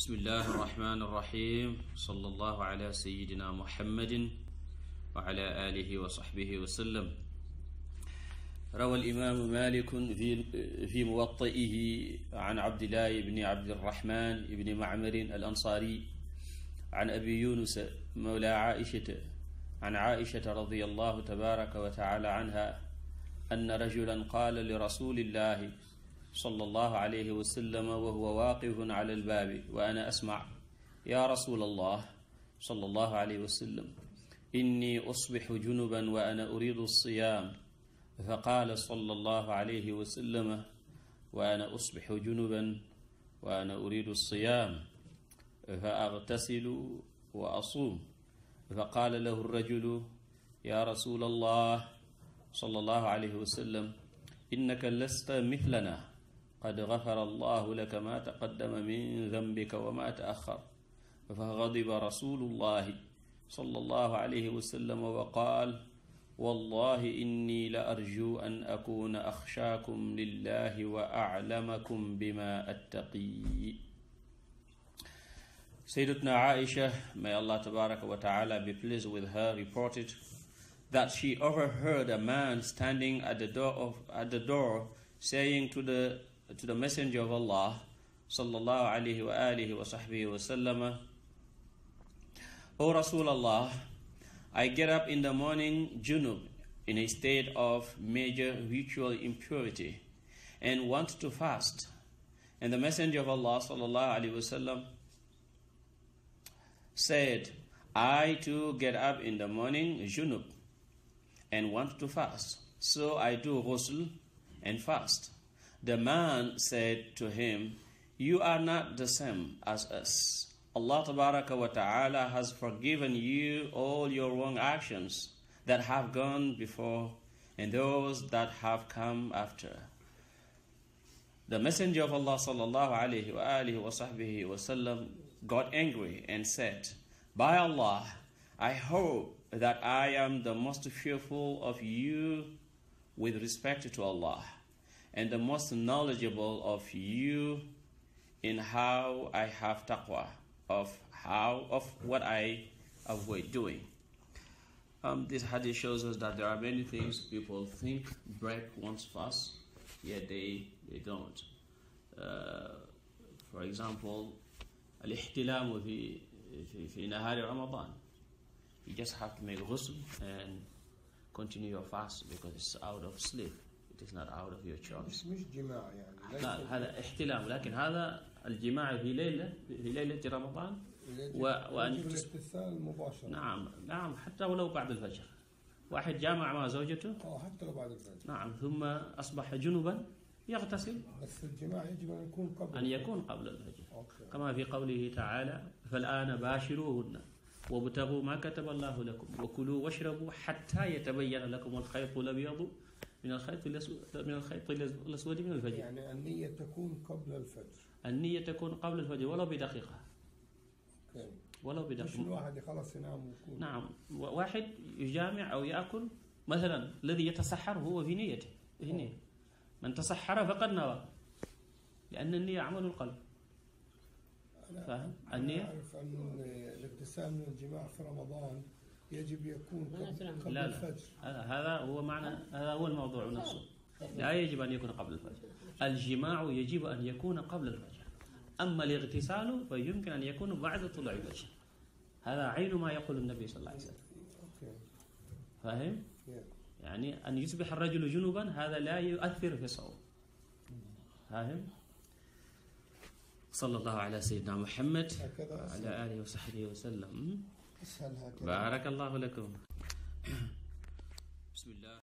bismillahi irrahmani irrahim sala allahu ala sayidina muhammadin wa ala alihi wa saxbihi wa sallam rawa alimaamu malikun fi fi muwataihi an abdillahi ibni abdirrahman ibni macmarin al ansaari an abi yunusa mawla caaishata an caaishata radiallahu tabaraka wa taala anha anna rajulan qaala li rasulillahi sallallahu alayhi wa sallam wa huwa waaqifun ala albaabi wa ana asmaa ya rasul allah sallallahu alayhi wa sallam inni usbixu junuban wa ana uridu alsiyaam fa qaala sallallahu alayhi wa sallam wa ana usbixu junuban wa ana uridu alsiyaam fa agtasilu wa asuum fa qaala lahu rajulu ya rasul allah sallallahu alayhi wa sallam innaka lasta mithlana qad gafara allahu laka ma taqaddama min dambika wa ma taaxar fa gadiba rasulullahi sallallahu alayhi wa sallam wa qaal wallahi inni la arju an akuna axshaakum lillahi wa aclamakum bima attaqi Sayyidatuna Aisha, may Allah tabaraka wa ta'ala be pleased with her, reported that she overheard a man standing at the door of at the door saying to the to the Messenger of Allah sallallahu alayhi wa alihi wa sahbihi wa sallam, O Rasulullah, I get up in the morning junub in a state of major ritual impurity and want to fast. And the Messenger of Allah sallallahu alayhi wa sallam said, I too get up in the morning junub and want to fast. So I do ghusl and fast. The man said to him, You are not the same as us. Allah Tabaraka wa Ta'ala has forgiven you all your wrong actions that have gone before and those that have come after. The Messenger of Allah sallallahu alayhi wa alihi wa sahbihi wasallam got angry and said, By Allah, I hope that I am the most fearful of you with respect to Allah. and the most knowledgeable of you in how I have taqwa, of how of what I avoid doing. Um, this hadith shows us that there are many things people think break one's fast, yet they, they don't. Uh, for example, al-ihtilamu fi, fi, fi nahari Ramadan. You just have to make ghusl and continue your fast because it's out of sleep. It is not out of your choice. اسمش جماع يعني لا هذا احتلام لكن هذا الجماع في ليلة في ليلة رمضان و... وأن الاستثال مباشرة نعم نعم حتى ولو بعد الفجر واحد جامع مع زوجته أو حتى لو بعد الفجر نعم ثم أصبح جنبا يغتسل بس الجماع يجب أن يكون قبل أن يكون قبل الفجر أوكي. كما في قوله تعالى فالآن باشروهن وابتغوا ما كتب الله لكم وكلوا واشربوا حتى يتبين لكم الخيط الأبيض من الخيط الأسود من الخيط الأسود من الفجر يعني النية تكون قبل الفجر النية تكون قبل الفجر ولو بدقيقة أوكي. ولو بدقيقة مش الواحد يخلص ينام ويكون نعم واحد يجامع أو يأكل مثلا الذي يتسحر هو في نيته في نية من تسحر فقد نوى لأن النية عمل القلب فاهم؟ النية أعرف أن الاغتسال من الجماع في رمضان يجب يكون قبل لا الفجر لا. هذا هو معنى هذا هو الموضوع نفسه لا يجب أن يكون قبل الفجر الجماع يجب أن يكون قبل الفجر أما الاغتسال فيمكن أن يكون بعد طلوع الفجر هذا عين ما يقول النبي صلى الله عليه وسلم فاهم؟ يعني أن يصبح الرجل جنبا هذا لا يؤثر في الصوم فاهم؟ صلى الله على سيدنا محمد وعلى آله وصحبه وسلم بارك الله لكم بسم الله